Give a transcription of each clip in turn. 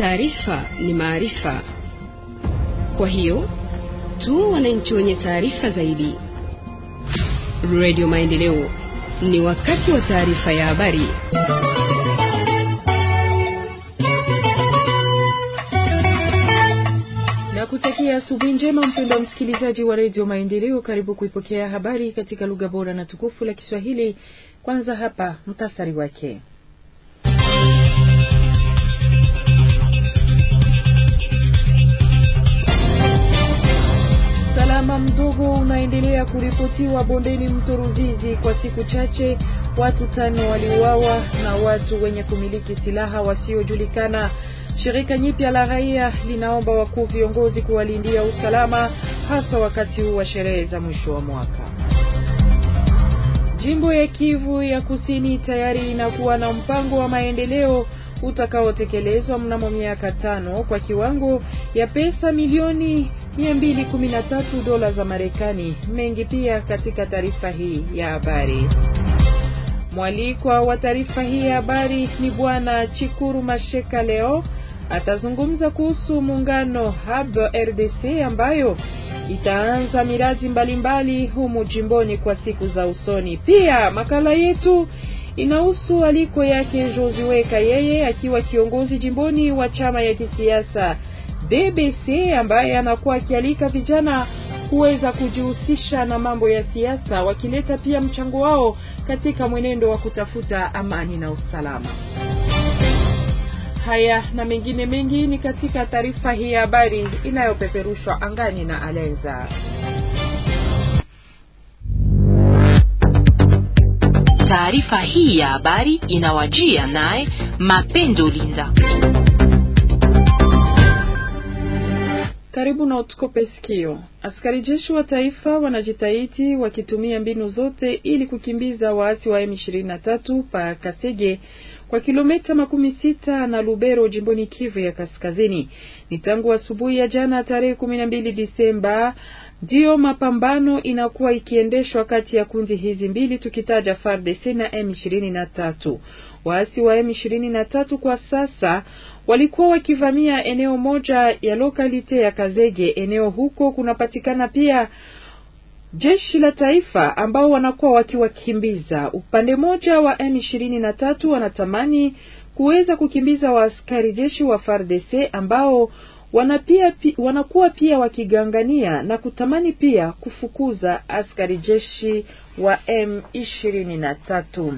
Taarifa ni maarifa, kwa hiyo tu wananchi wenye taarifa zaidi. Radio Maendeleo, ni wakati wa taarifa ya habari. Nakutakia asubuhi njema mpendwa msikilizaji wa redio Maendeleo, karibu kuipokea habari katika lugha bora na tukufu la Kiswahili. Kwanza hapa mtasari wake. Usalama mdogo unaendelea kuripotiwa bondeni mto Ruzizi. Kwa siku chache, watu tano waliuawa na watu wenye kumiliki silaha wasiojulikana. Shirika nyipya la raia linaomba wakuu viongozi kuwalindia usalama, hasa wakati huu wa sherehe za mwisho wa mwaka. Jimbo ya Kivu ya Kusini tayari inakuwa na mpango wa maendeleo utakaotekelezwa mnamo miaka tano kwa kiwango ya pesa milioni 213 dola za Marekani. Mengi pia katika taarifa hii ya habari. Mwalikwa wa taarifa hii ya habari ni bwana Chikuru Masheka. Leo atazungumza kuhusu muungano Hub RDC ambayo itaanza miradi mbalimbali humu jimboni kwa siku za usoni. Pia makala yetu inahusu aliko yake Josue Kayeye akiwa kiongozi jimboni wa chama ya kisiasa BBC ambaye anakuwa akialika vijana kuweza kujihusisha na mambo ya siasa, wakileta pia mchango wao katika mwenendo wa kutafuta amani na usalama. Haya na mengine mengi ni katika taarifa hii ya habari inayopeperushwa angani na Alenza. Taarifa hii ya habari inawajia naye Mapendo Linda. karibu na utkope sikio. Askari jeshi wa taifa wanajitahidi wakitumia mbinu zote ili kukimbiza waasi wa M23 pa Kasege kwa kilomita makumi sita na Lubero jimboni Kivu ya Kaskazini. Ni tangu asubuhi ya jana tarehe kumi na mbili Disemba ndiyo mapambano inakuwa ikiendeshwa kati ya kundi hizi mbili tukitaja FARDC na M23. Waasi wa M23 kwa sasa walikuwa wakivamia eneo moja ya lokalite ya Kazege. Eneo huko kunapatikana pia jeshi la taifa ambao wanakuwa wakiwakimbiza. Upande mmoja wa M23 wanatamani kuweza kukimbiza waaskari jeshi wa FARDC ambao pia pi, wanakuwa pia wakigangania na kutamani pia kufukuza askari jeshi wa M23.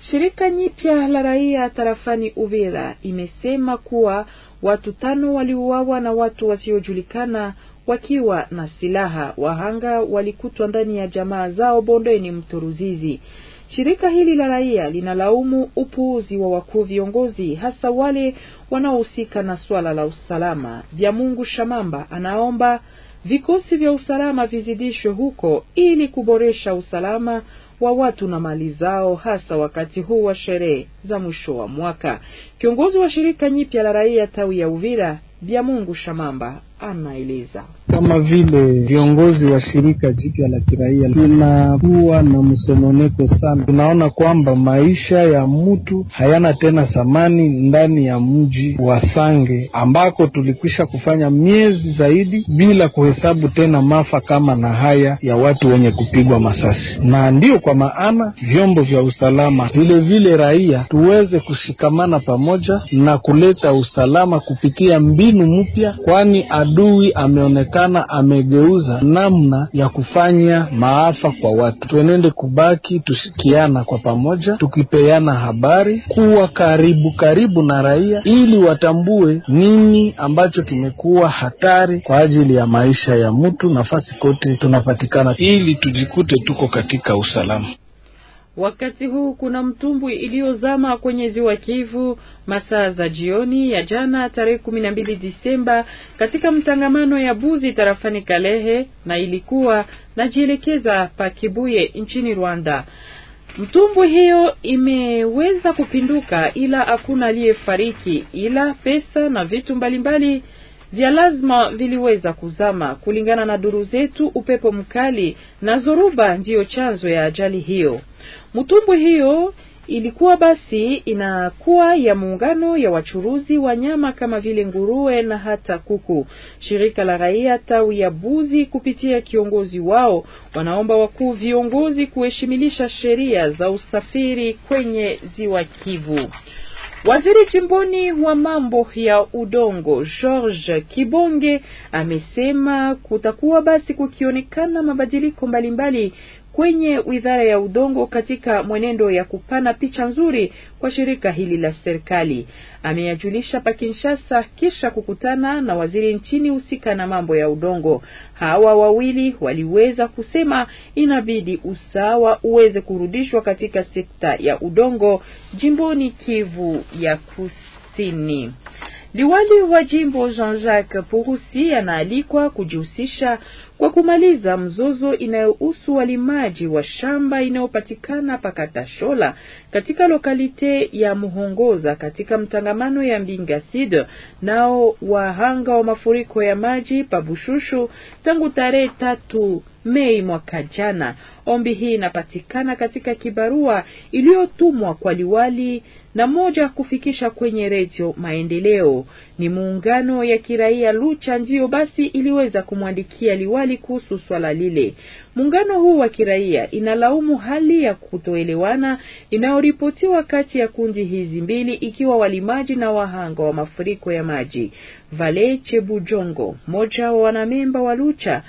Shirika nyipya la raia tarafani Uvira imesema kuwa watu tano waliuawa na watu wasiojulikana wakiwa na silaha. Wahanga walikutwa ndani ya jamaa zao bondeni mto Ruzizi. Shirika hili la raia linalaumu upuuzi wa wakuu viongozi, hasa wale wanaohusika na swala la usalama. Vya Mungu Shamamba anaomba vikosi vya usalama vizidishwe huko ili kuboresha usalama wa watu na mali zao, hasa wakati huu wa sherehe za mwisho wa mwaka. Kiongozi wa shirika nyipya la raia tawi ya Uvira Bya Mungu Shamamba anaeleza kama vile viongozi wa shirika jipya la kiraia tunakuwa na msononeko sana. Tunaona kwamba maisha ya mtu hayana tena thamani ndani ya mji wa Sange ambako tulikwisha kufanya miezi zaidi bila kuhesabu tena mafa kama na haya ya watu wenye kupigwa masasi, na ndiyo kwa maana vyombo vya usalama vilevile vile raia tuweze kushikamana pamoja na kuleta usalama kupitia mbinu mpya, kwani adui ameonekana amegeuza namna ya kufanya maafa kwa watu. Tuenende kubaki tusikiana kwa pamoja, tukipeana habari, kuwa karibu karibu na raia, ili watambue nini ambacho kimekuwa hatari kwa ajili ya maisha ya mtu nafasi kote tunapatikana, ili tujikute tuko katika usalama. Wakati huu kuna mtumbwi iliyozama kwenye ziwa Kivu masaa za jioni ya jana tarehe kumi na mbili Disemba katika mtangamano ya Buzi tarafani Kalehe na ilikuwa najielekeza pa Kibuye nchini Rwanda. Mtumbwi hiyo imeweza kupinduka, ila hakuna aliyefariki, ila pesa na vitu mbalimbali vya lazima viliweza kuzama. Kulingana na duru zetu, upepo mkali na zoruba ndiyo chanzo ya ajali hiyo. Mtumbwi hiyo ilikuwa basi inakuwa ya muungano ya wachuruzi wa nyama kama vile nguruwe na hata kuku. Shirika la raia tawi ya Buzi kupitia kiongozi wao wanaomba wakuu viongozi kuheshimilisha sheria za usafiri kwenye ziwa Kivu. Waziri jimboni wa mambo ya udongo George Kibonge amesema kutakuwa basi kukionekana mabadiliko mbalimbali kwenye wizara ya udongo katika mwenendo ya kupana picha nzuri kwa shirika hili la serikali. Ameyajulisha pa Kinshasa kisha kukutana na waziri nchini husika na mambo ya udongo. Hawa wawili waliweza kusema inabidi usawa uweze kurudishwa katika sekta ya udongo jimboni Kivu ya Kusini. Liwali wa jimbo Jean-Jacques Purusi anaalikwa kujihusisha kwa kumaliza mzozo inayohusu walimaji wa shamba inayopatikana Pakatashola katika lokalite ya Muhongoza katika mtangamano ya Mbinga Sud, nao wahanga wa mafuriko ya maji Pabushushu tangu tarehe tatu Mei mwaka jana. Ombi hii inapatikana katika kibarua iliyotumwa kwa liwali na moja kufikisha kwenye Redio Maendeleo. Ni muungano ya kiraia Lucha ndiyo basi iliweza kumwandikia liwali serikali kuhusu swala lile. Muungano huu wa kiraia inalaumu hali ya kutoelewana inayoripotiwa kati ya kundi hizi mbili, ikiwa walimaji na wahanga wa mafuriko ya maji. Vale Chebujongo, mmoja wa wanamemba wa Lucha,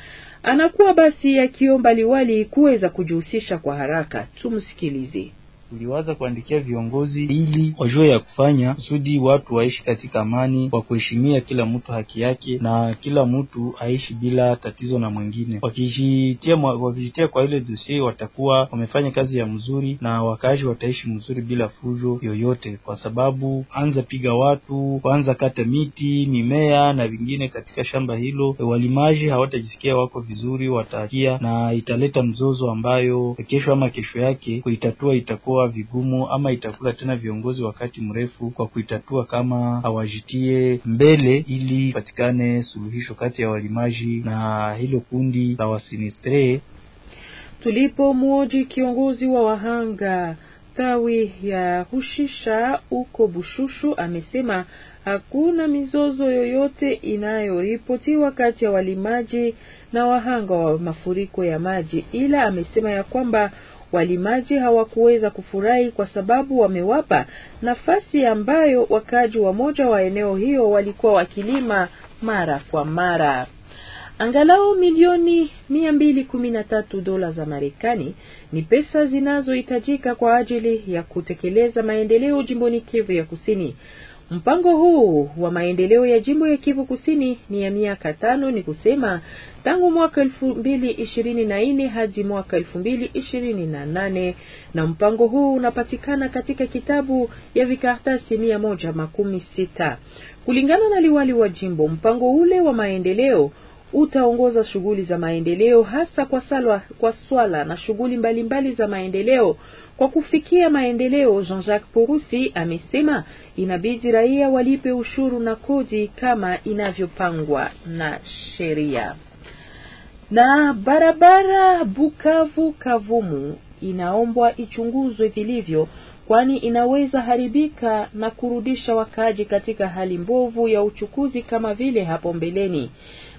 anakuwa basi akiomba liwali kuweza kujihusisha kwa haraka. Tumsikilize tuliwaza kuandikia viongozi ili wajue ya kufanya kusudi watu waishi katika amani, kwa kuheshimia kila mtu haki yake na kila mtu aishi bila tatizo na mwingine. Wakijitia, wakijitia kwa ile dosie watakuwa wamefanya kazi ya mzuri na wakaaji wataishi mzuri bila fujo yoyote, kwa sababu anza piga watu kwanza, kata miti, mimea na vingine katika shamba hilo, walimaji hawatajisikia wako vizuri, watakia na italeta mzozo ambayo kesho ama kesho yake kuitatua itakuwa itakuwa vigumu ama itakula tena viongozi wakati mrefu kwa kuitatua kama hawajitie mbele, ili patikane suluhisho kati ya walimaji na hilo kundi la wasinistre. Tulipo mwoji kiongozi wa wahanga tawi ya Hushisha uko Bushushu amesema hakuna mizozo yoyote inayoripotiwa kati ya walimaji na wahanga wa mafuriko ya maji, ila amesema ya kwamba Walimaji hawakuweza kufurahi kwa sababu wamewapa nafasi ambayo wakaaji wamoja wa eneo hiyo walikuwa wakilima mara kwa mara. Angalau milioni 213 dola za Marekani ni pesa zinazohitajika kwa ajili ya kutekeleza maendeleo jimboni Kivu ya Kusini. Mpango huu wa maendeleo ya jimbo ya Kivu Kusini ni ya miaka tano, ni kusema tangu mwaka elfu mbili ishirini na nne hadi mwaka elfu mbili ishirini na nane na mpango huu unapatikana katika kitabu ya vikaratasi mia moja makumi sita kulingana na liwali wa jimbo. Mpango ule wa maendeleo utaongoza shughuli za maendeleo hasa kwa, salwa, kwa swala na shughuli mbalimbali za maendeleo. Kwa kufikia maendeleo, Jean-Jacques Purusi amesema inabidi raia walipe ushuru na kodi kama inavyopangwa na sheria. Na barabara Bukavu Kavumu inaombwa ichunguzwe vilivyo kwani inaweza haribika na kurudisha wakaaji katika hali mbovu ya uchukuzi kama vile hapo mbeleni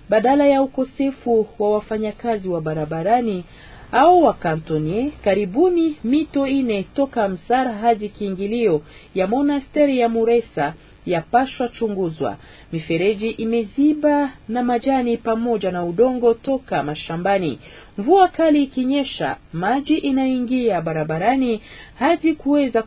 badala ya ukosefu wa wafanyakazi wa barabarani au wakantonye. Karibuni mito ine toka msar hadi kiingilio ya monasteri ya Muresa yapashwa chunguzwa. Mifereji imeziba na majani pamoja na udongo toka mashambani. Mvua kali ikinyesha, maji inaingia barabarani hadi kuweza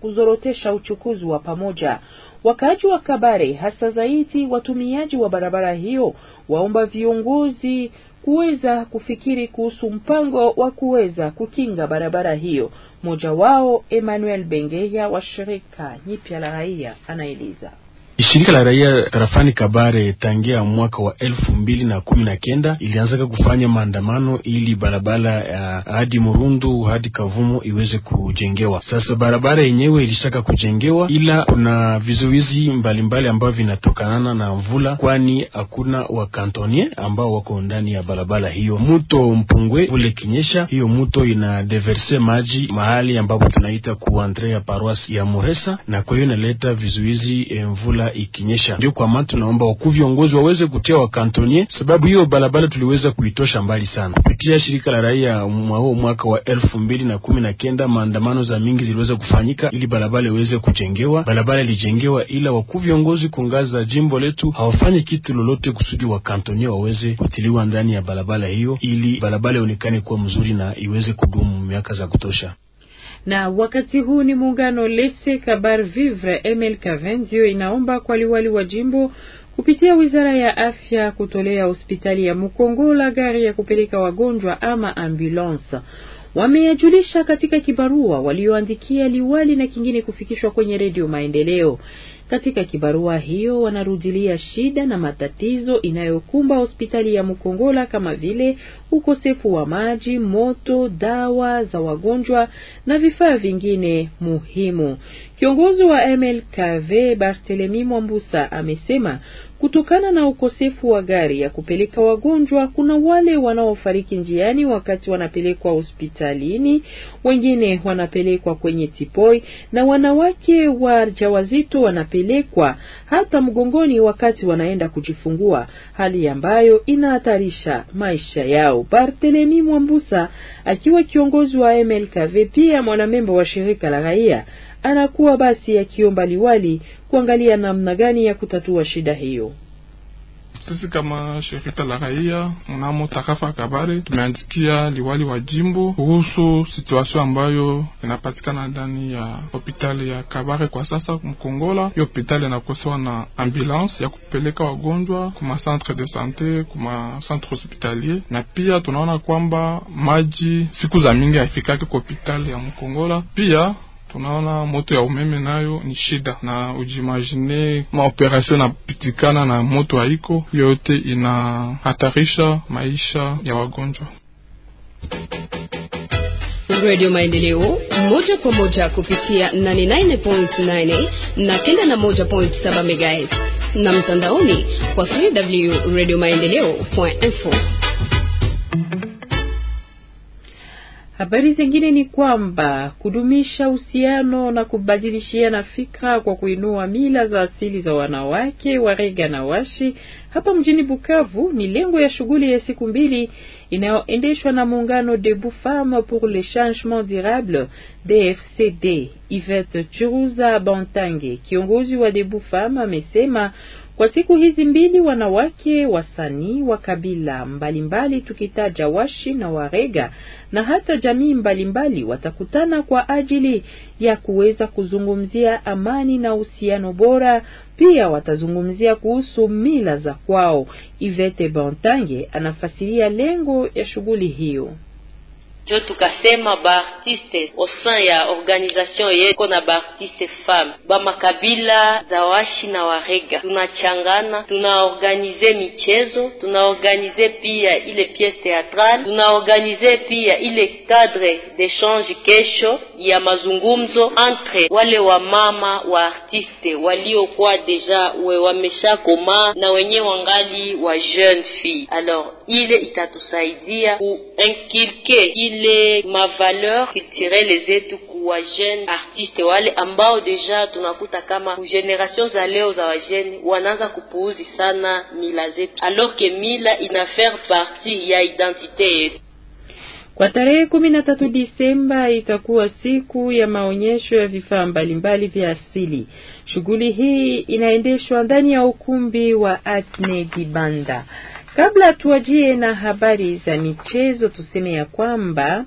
kuzorotesha uchukuzi wa pamoja. Wakaaji wa Kabare, hasa zaidi watumiaji wa barabara hiyo, waomba viongozi kuweza kufikiri kuhusu mpango wa kuweza kukinga barabara hiyo. Mmoja wao Emmanuel Bengeya wa shirika nyipya la raia anaeleza. Shirika la raia tarafani Kabare tangia mwaka wa elfu mbili na kumi na kenda ilianzaka kufanya maandamano ili barabara ya uh, hadi Murundu hadi Kavumu iweze kujengewa. Sasa barabara yenyewe ilishaka kujengewa, ila kuna vizuizi mbalimbali ambavyo vinatokanana na mvula, kwani hakuna wakantonie ambao wako ndani ya barabara hiyo. Mto Mpungwe vule kinyesha, hiyo mto ina deverse maji mahali ambapo tunaita kuandrea paroisi ya Muresa, na kwa hiyo inaleta vizuizi eh, mvula barabara ikinyesha. Ndio kwa maana tunaomba wakuu viongozi waweze kutia wakantonie, sababu hiyo barabara tuliweza kuitosha mbali sana. Kupitia shirika la raia mwao, mwaka wa elfu mbili na kumi na kenda maandamano za mingi ziliweza kufanyika ili barabara iweze kujengewa. Barabara ilijengewa, ila wakuu viongozi za jimbo letu hawafanyi kitu lolote kusudi wakantonie waweze kutiliwa ndani ya barabara hiyo, ili barabara ionekane kuwa mzuri na iweze kudumu miaka za kutosha. Na wakati huu ni muungano Lese Kabar Vivre MLK ndio inaomba kwa liwali wa jimbo kupitia wizara ya afya kutolea hospitali ya Mukongola gari ya kupeleka wagonjwa ama ambulance. Wameyajulisha katika kibarua walioandikia liwali na kingine kufikishwa kwenye redio Maendeleo. Katika kibarua hiyo wanarudilia shida na matatizo inayokumba hospitali ya Mkongola kama vile ukosefu wa maji, moto, dawa za wagonjwa na vifaa vingine muhimu. Kiongozi wa MLKV Barthelemy Mwambusa amesema kutokana na ukosefu wa gari ya kupeleka wagonjwa, kuna wale wanaofariki njiani wakati wanapelekwa hospitalini, wengine wanapelekwa kwenye tipoi, na wanawake wajawazito wanapelekwa hata mgongoni wakati wanaenda kujifungua, hali ambayo inahatarisha maisha yao. Barthelemy Mwambusa akiwa kiongozi wa MLKV, pia mwanamemba wa shirika la raia anakuwa basi akiomba liwali kuangalia namna gani ya kutatua shida hiyo. Sisi kama shirika la raia mnamo tarafa Kabare tumeandikia liwali wa jimbo kuhusu situasio ambayo inapatikana ndani ya hopitali ya Kabare kwa sasa. Mkongola hiyo hopitali inakosewa na ambulance ya kupeleka wagonjwa kuma centre de sante, kuma centre hospitalier, na pia tunaona kwamba maji siku za mingi haifikake kwa hopitali ya Mkongola pia tunaona moto ya umeme nayo ni shida, na ujimagine maoperasio napitikana na moto haiko, yote inahatarisha maisha ya wagonjwa. Radio Maendeleo moja kwa moja kupitia 89.9 na kenda na moja point saba megahertz na mtandaoni kwa www.radiomaendeleo.info. Habari zingine ni kwamba kudumisha uhusiano na kubadilishiana fikra kwa kuinua mila za asili za wanawake Warega na Washi hapa mjini Bukavu ni lengo ya shughuli ya siku mbili inayoendeshwa na muungano Debout Femmes pour le Changement Durable DFCD. Yvette Churuza Bantange, kiongozi wa Debout Femmes, amesema kwa siku hizi mbili wanawake wasanii wa kabila mbalimbali tukitaja Washi na Warega na hata jamii mbalimbali mbali watakutana kwa ajili ya kuweza kuzungumzia amani na uhusiano bora. Pia watazungumzia kuhusu mila za kwao. Ivete Bantange anafasiria lengo ya shughuli hiyo njo tukasema baartiste osan ya organization yeko na baartiste femme bamakabila za washi na warega tunachangana, tunaorganize michezo, tunaorganize pia ile piece teatrale, tunaorganize pia ile cadre d'echange kesho ya mazungumzo entre wale wa mama wa artiste waliokuwa deja we wamesha koma na wenye wangali wa jeune fille. Alors ile itatusaidia kuinkilke ile zile mavaleur kulturele zetu kuwa jeune artiste wale ambao deja tunakuta kama generation za leo za wajene wanaanza kupuuzi sana mila zetu, alors que mila ina faire partie ya identite yetu. Kwa tarehe kumi na tatu Disemba itakuwa siku ya maonyesho ya vifaa mbalimbali vya asili. Shughuli hii inaendeshwa ndani ya ukumbi wa Acne Kibanda. Kabla tuwajie na habari za michezo, tuseme ya kwamba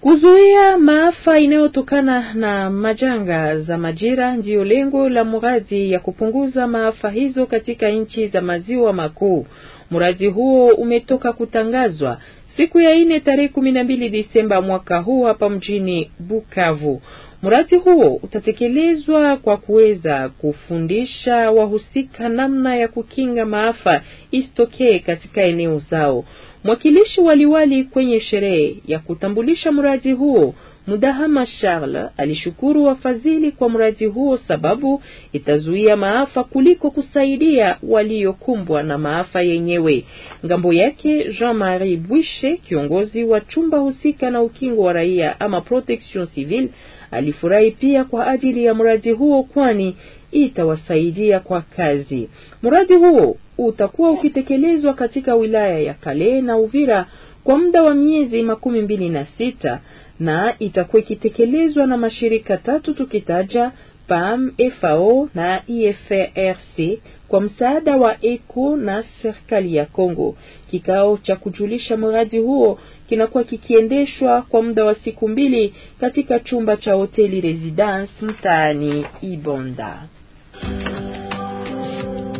kuzuia maafa inayotokana na majanga za majira ndiyo lengo la mradi ya kupunguza maafa hizo katika nchi za maziwa makuu. Mradi huo umetoka kutangazwa siku ya ine tarehe kumi na mbili Disemba mwaka huu hapa mjini Bukavu. Mradi huo utatekelezwa kwa kuweza kufundisha wahusika namna ya kukinga maafa isitokee katika eneo zao. Mwakilishi waliwali kwenye sherehe ya kutambulisha mradi huo Mudahama Charles alishukuru wafadhili kwa mradi huo, sababu itazuia maafa kuliko kusaidia waliokumbwa na maafa yenyewe. Ngambo yake Jean-Marie Bwishe, kiongozi wa chumba husika na ukingo wa raia ama protection civile, alifurahi pia kwa ajili ya mradi huo, kwani itawasaidia kwa kazi. Mradi huo utakuwa ukitekelezwa katika wilaya ya Kale na Uvira kwa muda wa miezi makumi mbili na sita na itakuwa ikitekelezwa na mashirika tatu tukitaja PAM, FAO na IFRC kwa msaada wa ECO na serikali ya congo Kikao cha kujulisha mradi huo kinakuwa kikiendeshwa kwa muda wa siku mbili katika chumba cha hoteli Residence mtaani Ibonda.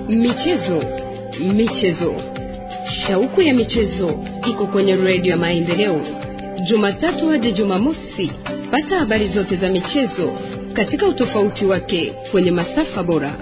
Michezo, michezo Shauku ya michezo iko kwenye redio ya Maendeleo, Jumatatu hadi Jumamosi. Pata habari zote za michezo katika utofauti wake kwenye masafa bora.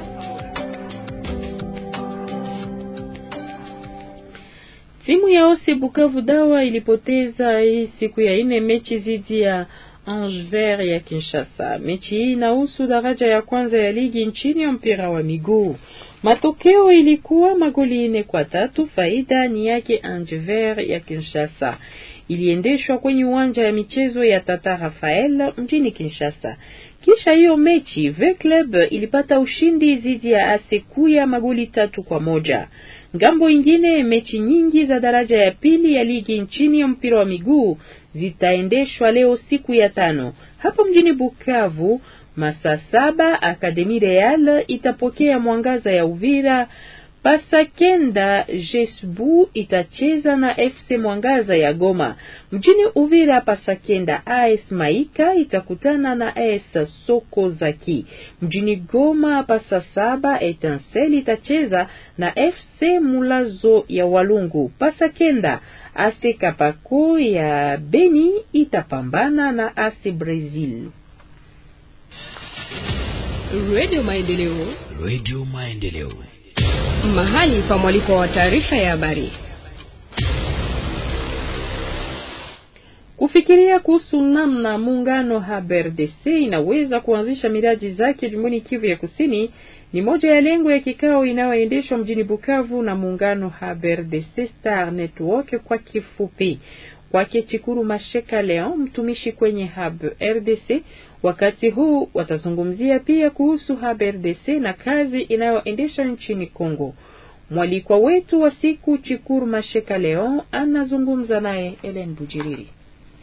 Timu ya Ose Bukavu Dawa ilipoteza hii siku ya ine mechi zidi ya angever ya Kinshasa. Mechi hii inahusu daraja ya kwanza ya ligi nchini ya mpira wa miguu. Matokeo ilikuwa magoli nne kwa tatu. Faida ni yake Angever ya Kinshasa iliendeshwa kwenye uwanja ya michezo ya Tata Rafael mjini Kinshasa. Kisha hiyo mechi V Club ilipata ushindi dhidi ya Asekuya magoli tatu kwa moja. Ngambo ingine, mechi nyingi za daraja ya pili ya ligi nchini ya mpira wa miguu zitaendeshwa leo siku ya tano hapa mjini Bukavu Masa saba Akademi Real itapokea Mwangaza ya Uvira, pasa kenda Jesbu itacheza na FC Mwangaza ya Goma. Mjini Uvira pasa kenda AS Maika itakutana na AS Soko Zaki. Mjini Goma pasa saba Etansel itacheza na FC Mulazo ya Walungu. Pasa kenda AS Kapako ya Beni itapambana na AS Brazil. Radio Maendeleo, Radio Maendeleo, mahali pa mwaliko wa taarifa ya habari. Kufikiria kuhusu namna muungano HABRDC inaweza kuanzisha miradi zake jimboni Kivu ya Kusini ni moja ya lengo ya kikao inayoendeshwa mjini Bukavu na muungano HABRDC Star Network kwa kifupi. Kwake Chikuru Masheka Leon, mtumishi kwenye HAB RDC, Wakati huu watazungumzia pia kuhusu HBRDC na kazi inayoendesha nchini Kongo. Mwalikwa wetu wa siku Chikuru Masheka Leon anazungumza naye Ellen Bujiriri.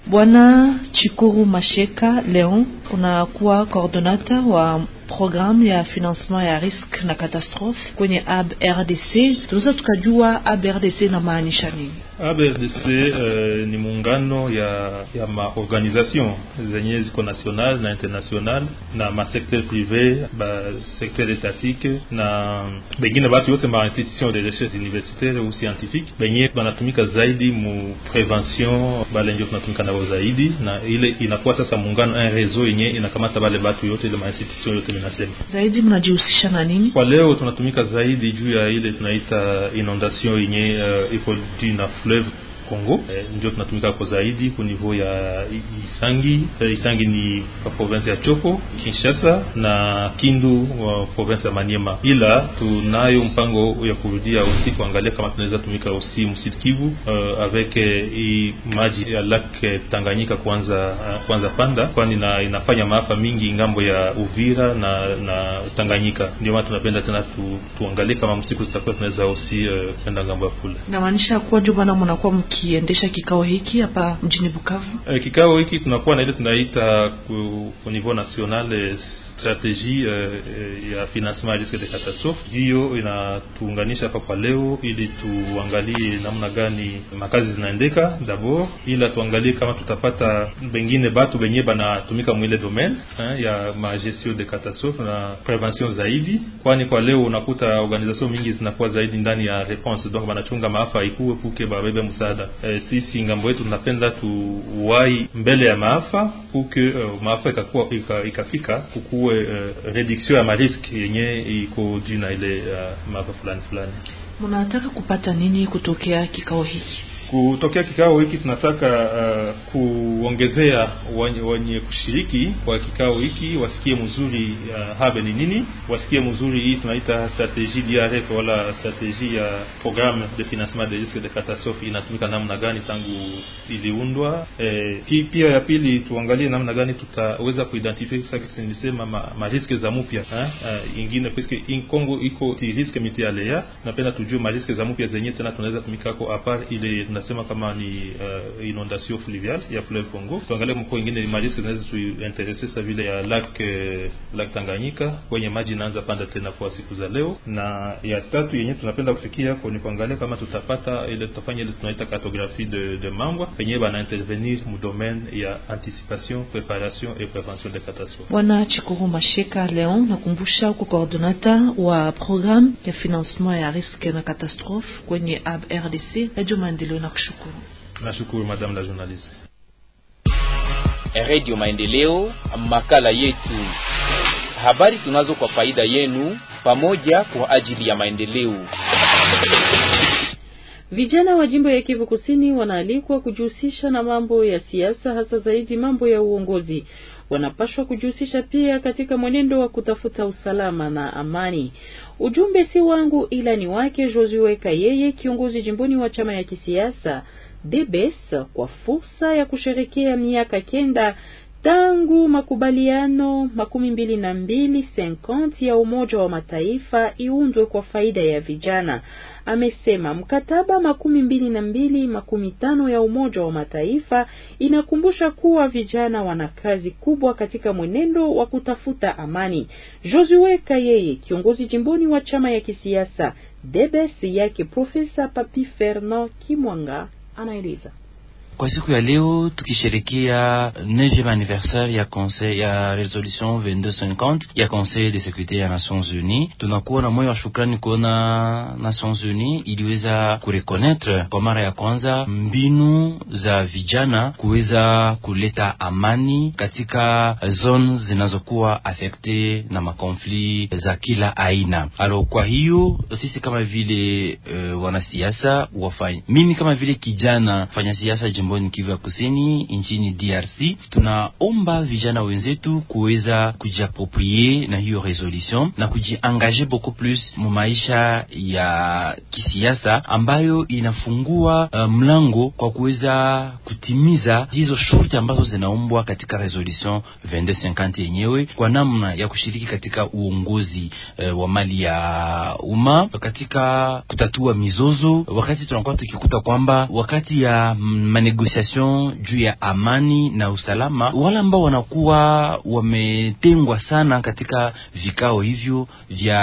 Bwana Chikuru Masheka Leon, unakuwa coordonata wa programu ya financement ya risk na katastrofe kwenye ab RDC, tunaweza tukajua ab RDC inamaanisha nini? ABRDC uh, eh, ni muungano ya ya maorganisation zenye ziko national na international na masecteur privé basekter étatique na bengine batu yote ma institution de recherche universitaire ou scientifique benye banatumika zaidi mu prévention, bale ndio tunatumika nao zaidi, na ile inakuwa sasa muungano un réseau yenye inakamata bale batu yote ma institution yote ninasema. Zaidi mnajihusisha na nini kwa leo? Tunatumika zaidi juu ya ile tunaita inondation yenye uh, iko dina na fleuve Kongo eh, ndio tunatumika kwa zaidi ku niveau ya Isangi. Eh, Isangi ni province ya Chopo, Kinshasa na Kindu wa province ya Maniema, ila tunayo mpango ya kurudia usi kuangalia kama tunaweza tumika usi Kivu uh, avec eh, maji ya lak Tanganyika kwanza uh, eh, kwanza panda, kwani inafanya maafa mingi ngambo ya Uvira na na Tanganyika. Ndio maana tunapenda tena tu, tuangalie kama msiku zitakuwa tunaweza usi uh, eh, kwenda ngambo ya kule, namaanisha kwa juma na mnakuwa mkiendesha kikao hiki hapa mjini Bukavu? Eh, kikao hiki tunakuwa na ile tunaita ku, niveau national eh, strategie uh, eh, ya financement risque de catastrophe ndiyo inatuunganisha hapa kwa leo, ili tuangalie namna gani makazi zinaendeka dabord, ila tuangalie kama tutapata bengine batu benye banatumika mwile domaine eh, ya gestion de catastrophe na prevention zaidi, kwani kwa leo unakuta organisation mingi zinakuwa zaidi ndani ya response, donc banachunga maafa ikuwe puke babebe msaada. Eh, sisi ngambo yetu tunapenda tuwai mbele ya maafa puke uh, maafa ikakuwa ikafika ika kukuwe Euh, réduction reduction ya mariski yenye iko juu na ile uh, maafa fulani fulani. Mnataka kupata nini kutokea kikao hiki? Kutokea kikao hiki tunataka uh, kuongezea wenye, kushiriki kwa kikao hiki wasikie mzuri uh, habe ni nini, wasikie mzuri hii tunaita strategie DRF wala strategie ya programme de financement des risques de catastrophe inatumika namna gani tangu iliundwa. Eh, pia ya pili tuangalie namna gani tutaweza kuidentify sasa nisema ma, ma riske za mpya eh, uh, ingine parce in Congo iko ti riske mitialea, napenda tujue ma riske za mpya zenyewe tena tunaweza tumika kwa apart ile tunasema kama ni uh, inondation fluvial ya fleuve Congo. Tuangalie mkoa mwingine ni maji zinaweza tuinteresse sa vile ya lac uh, lac Tanganyika kwenye maji inaanza panda tena kwa siku za leo, na ya tatu yenye tunapenda kufikia kwa ni kuangalia kama tutapata ile tutafanya ile tunaita cartographie de, de mangwa penye bana intervenir mu domaine ya anticipation préparation et prévention de catastrophe. Bwana Chikuru Masheka Leon nakumbusha uko coordinateur wa programme ya financement ya risque na catastrophe kwenye ab RDC Radio Maendeleo Tunakushukuru. Nashukuru madam la journalist. Radio Maendeleo, makala yetu, habari tunazo kwa faida yenu, pamoja kwa ajili ya maendeleo. Vijana wa jimbo ya Kivu Kusini wanaalikwa kujihusisha na mambo ya siasa, hasa zaidi mambo ya uongozi wanapashwa kujihusisha pia katika mwenendo wa kutafuta usalama na amani. Ujumbe si wangu ila ni wake Josiweka yeye kiongozi jimboni wa chama ya kisiasa Debes kwa fursa ya kusherekea miaka kenda tangu makubaliano makumi mbili na mbili senkanti ya Umoja wa Mataifa iundwe kwa faida ya vijana. Amesema mkataba makumi mbili na mbili makumi tano ya Umoja wa Mataifa inakumbusha kuwa vijana wana kazi kubwa katika mwenendo wa kutafuta amani. Josue Kayeye, kiongozi jimboni wa chama ya kisiasa debes yake Profesa Papi Fernand Kimwanga anaeleza kwa siku ya leo tukisherekea 9e anniversaire ya conseil ya resolution 2250 ya Conseil de securité ya Nations Unies, tunakuwa na moyo wa shukrani kuona Nations Unies iliweza kurekonetre kwa mara ya kwanza mbinu za vijana kuweza kuleta amani katika zone zinazokuwa afekte na makonfli za kila aina. Alo, kwa hiyo sisi kama vile uh, wanasiasa wafanya mimi kama vile kijana fanya siasa jimboni Kivu ya Kusini nchini DRC. Tunaomba vijana wenzetu kuweza kujiaproprie na hiyo resolution na kujiangaje beaucoup plus mu maisha ya kisiasa ambayo inafungua uh, mlango kwa kuweza kutimiza hizo shurti ambazo zinaombwa katika resolution 2250 yenyewe kwa namna ya kushiriki katika uongozi uh, wa mali ya umma katika kutatua mizozo, wakati tunakuwa tukikuta kwamba wakati ya mani negosiation juu ya amani na usalama, wale ambao wanakuwa wametengwa sana katika vikao hivyo vya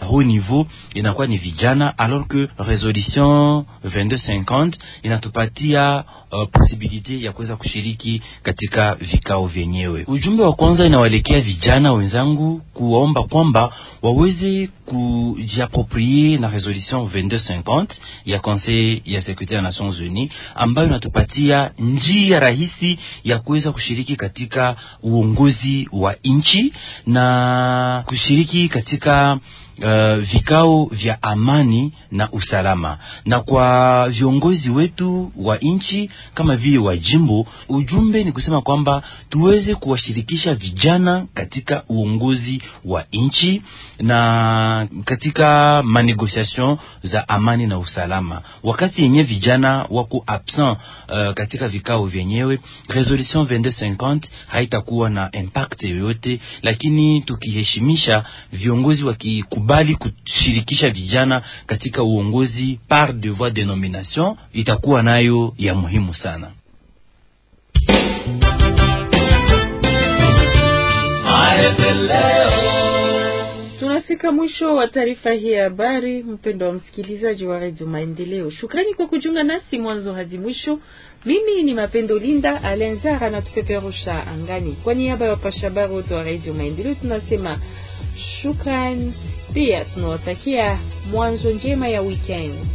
haut niveau inakuwa ni vijana, alors que resolution 2250 inatupatia uh, posibilite ya kuweza kushiriki katika vikao vyenyewe. Ujumbe wa kwanza inawaelekea vijana wenzangu kuomba kwamba waweze kujiaproprie na resolution 2250 ya Conseil ya Securite ya Nations Unies ambayo inatupatia njia rahisi ya kuweza kushiriki katika uongozi wa nchi na kushiriki katika uh, vikao vya amani na usalama, na kwa viongozi wetu wa nchi kama vile wa jimbo, ujumbe ni kusema kwamba tuweze kuwashirikisha vijana katika uongozi wa nchi na katika manegosiation za amani na usalama. Wakati yenye vijana wako absent uh, katika vikao vyenyewe, resolution 2250 haitakuwa na impact yoyote, lakini tukiheshimisha viongozi wa kukubali kushirikisha vijana katika uongozi par de voix de nomination itakuwa nayo ya muhimu sana. Tunafika mwisho wa taarifa hii ya habari. Mpendo wa msikilizaji wa Radio Maendeleo, shukrani kwa kujiunga nasi mwanzo hadi mwisho. Mimi ni Mapendo Linda Alenzara na tupeperusha angani kwa niaba ya wapashabari wote wa Radio Maendeleo tunasema Shukran, pia tunawatakia mwanzo njema ya weekend.